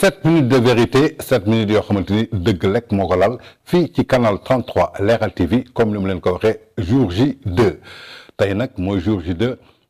7 minutes de vérité 7 minutes de xamante de Glek Mongolal, moo canal 33 Leral TV comme nous l'avons jour J2 jour J2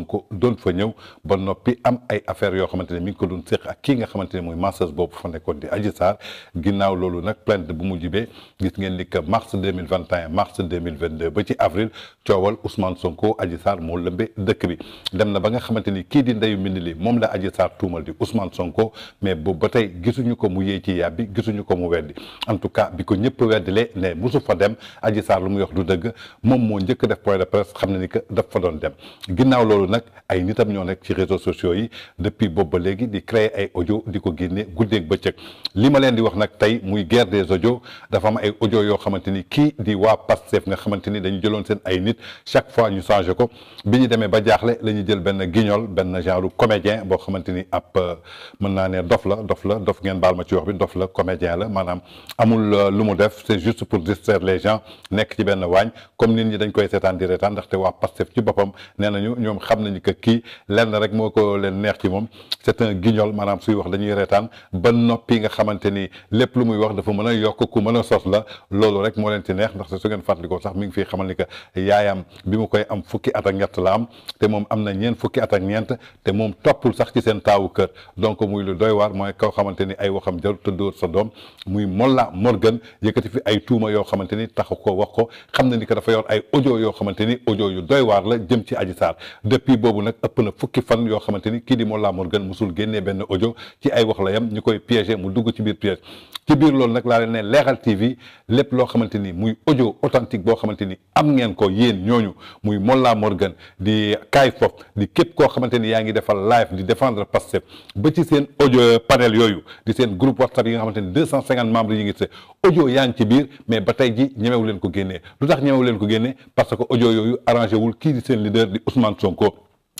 Sonko doon fa ñëw ba noppi am ay affaires yoo xamante ne mi ngi ko doon séq ne boobu fa nekkoon di Adji Sarr ginnaaw loolu nag plainte bu mu gis ngeen ni que mars 2021 mars 2022 ba ci avril coowal Ousmane Sonko Adji Sarr moo lëmbe dëkk bi dem na ba nga xamante ni kii di ndeyu mbind li moom la Adji Sarr tuumal di Ousmane Sonko mais boobu ba tey gisuñu ko mu yéey ci yàbbi gisuñu ko mu weddi en tout cas bi ko ñëpp weddilee ne mosu fa dem Adji Sarr lu muy wax du dëgg moom moo njëkk de presse xam ne ni que daf fa nak ay nitam ñoo nekk ci réseaux sociaux yi depuis boobu ba di créer ay audio di ko génne ak bëcëk li ma leen di wax nak tay muy guerre des audios dafa am ay audio yo xamanteni ki di wa passef nga xamanteni dañu jëlone sen ay nit chaque fois ñu changer ko biñu démé ba jaxlé lañu jël ben guignol ben genre comédien bo xamanteni ap ab euh, mën naa ne dof la dof la dof ngeen bal ma ci wax bi dof la comédien la manam amul euh, lu mu def c'est juste pour distraire les gens nek ci ben wañ comme nit ñi dañ koy sétan di reetaan ndaxte wa passef ci bopam nee nañu ñoom xam nañu que kii lenn rek moo ko leen neex ci moom c'est un maanaam suy wax dañuy reetaan ba noppi nga xamante ni lépp lu muy wax dafa mën a yokk ku mën a sos la loolu rek moo leen ci neex ndax su ngeen fàttalikoo sax mi ngi fi xamal ni que yaayam bi mu koy am fukki at ak ñett la te moom na ñeent fukki at ñeent te moom toppul sax ci seen taawu kër donc muy lu doy waar mooy kaw xamante ni ay waxam jarut a dóor sa doom muy Molla Morgan yëkkati fi ay tuuma yoo xamante ni taxu ko wax ko xam na ni que dafa yor ay ojo yoo xamante ni ojo yu doy waar la jëm ci Adji Sarr pii boobu nag ëpp na fukki fan yoo xamante ni kii di Mollah Morgun musul génnee benn audio ci ay wax la yam ñu koy piégé mu dugg ci biir piège ci biir loolu nag laa leen ne Leral TV lépp loo xamante ni muy ojo authentique boo xamante ni am ngeen ko yéen ñooñu muy Mollah Morgun di Kay Fof di képp koo xamante ni yaa ngi defal live di défendre Pastef ba ci seen audio panel yooyu di seen groupe WhatsApp yi nga xamante ni deux cent cinquante membres yi ngi se audio yaa ko génnee lu tax ñemewu leen ko génnee parce que audio yooyu arrangé wul kii di seen leader di Ousmane Sonko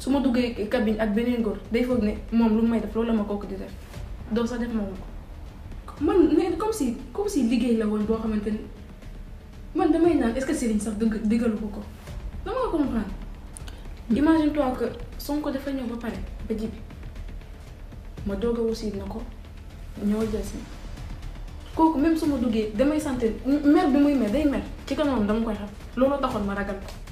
su ma duggee cabine ak beneen gor day foog ne moom lu may def loolu la ma kooku di def doo sax def ma ko man ne comme si comme si liggéey la woon boo xamante ni man damay naan est-ce que sax dëgg dëggalu ko ko dama nga comprendre imagine toi que Sonko dafa ñëw ba ji bi ma doog a na ko ñoo jël kooku même su ma duggee damay santé mer bi muy mer day mel ci kanamam dama koy xam looloo taxoon ma ragal ko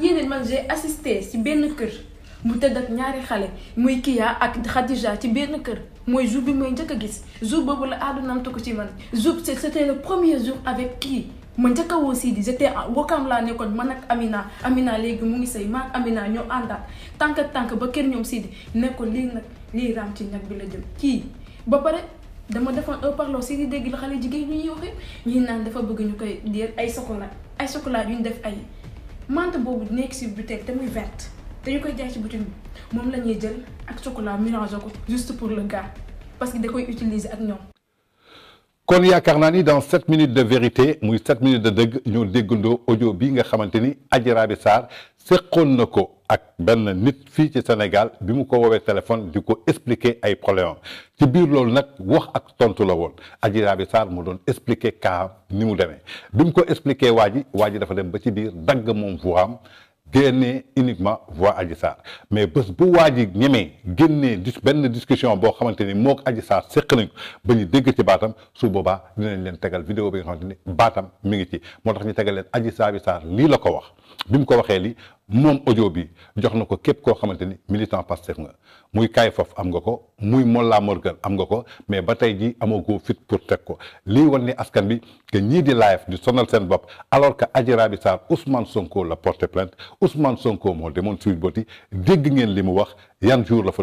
yéen man j'ai assisté si benn kër mu tëdd ak ñaari xale muy Kiya ak Khadija ci benn kër mooy jour bi mooy njëkk a gis jour boobu la aadu namtu ko ci man jour c'était le premier jour avec kii ma njëkk a woo Sidi j'étais Wakaam laa nekkoon man ak Amina Amina léegi mu ngi sëy ak Amina ñoo àndaat tànk ak tànk ba kër ñoom Sidi ne ko lii nag lii raam ci ñag bi la jëm kii ba pare dama defoon un parlo Sidi dégg la xale jigéen ñi ñuy waxee ñii naan dafa bëgg ñu koy ay chocolat ay chocolat yu ñu def ay mante boobu nekk si bouteille te muy verte dañu koy jaay ci boutique bi moom la ñuy jël ak chocolat mélangé ko juste pour le gars parce que da koy utiliser ak ñoom. kon yaakaar naa ni dans 7 minutes de vérité muy 7 minutes de dëgg ñoo déggandoo audio bi nga xamante ni Adji Sarr séqoon na ko ak benn nit fii ci Sénégal bi mu ko woowee téléphone di ko expliquer ay problème ci biir loolu nag wax ak tontu la woon Adji Raby Sarr mu doon expliquer kaam ni mu demee bi mu ko expliquer waa ji waa ji dafa dem ba ci biir dagg moom voix am génnee uniquement voix Adji Sarr mais bés bu waa ji ñemee génnee benn discussion boo xamante ni moo ak Adji Sarr séq nañ ko ba ñu dégg ci baatam su boobaa dinañ leen tegal vidéo bi nga xamante ni baatam mi ngi ci moo tax ñu tegal leen Adji Raby Sarr lii la ko wax bi mu ko waxee lii mom audio bi jox kep ko xamanteni militant nga muy am nga ko muy Molla Morgan am nga ko mais batay ji fit pour tek ko li wan askan bi que di live di sonal alors que Adji Ousmane Sonko la porté plainte Ousmane Sonko mo un ngeen limu jour la fa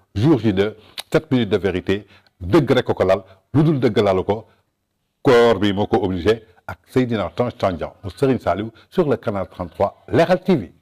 jour J2, 7 minutes de vérité de grec au colal, lal de galaloko, corps bimoko obligé ak Seydina Tange tangent, sur le canal 33 l'air TV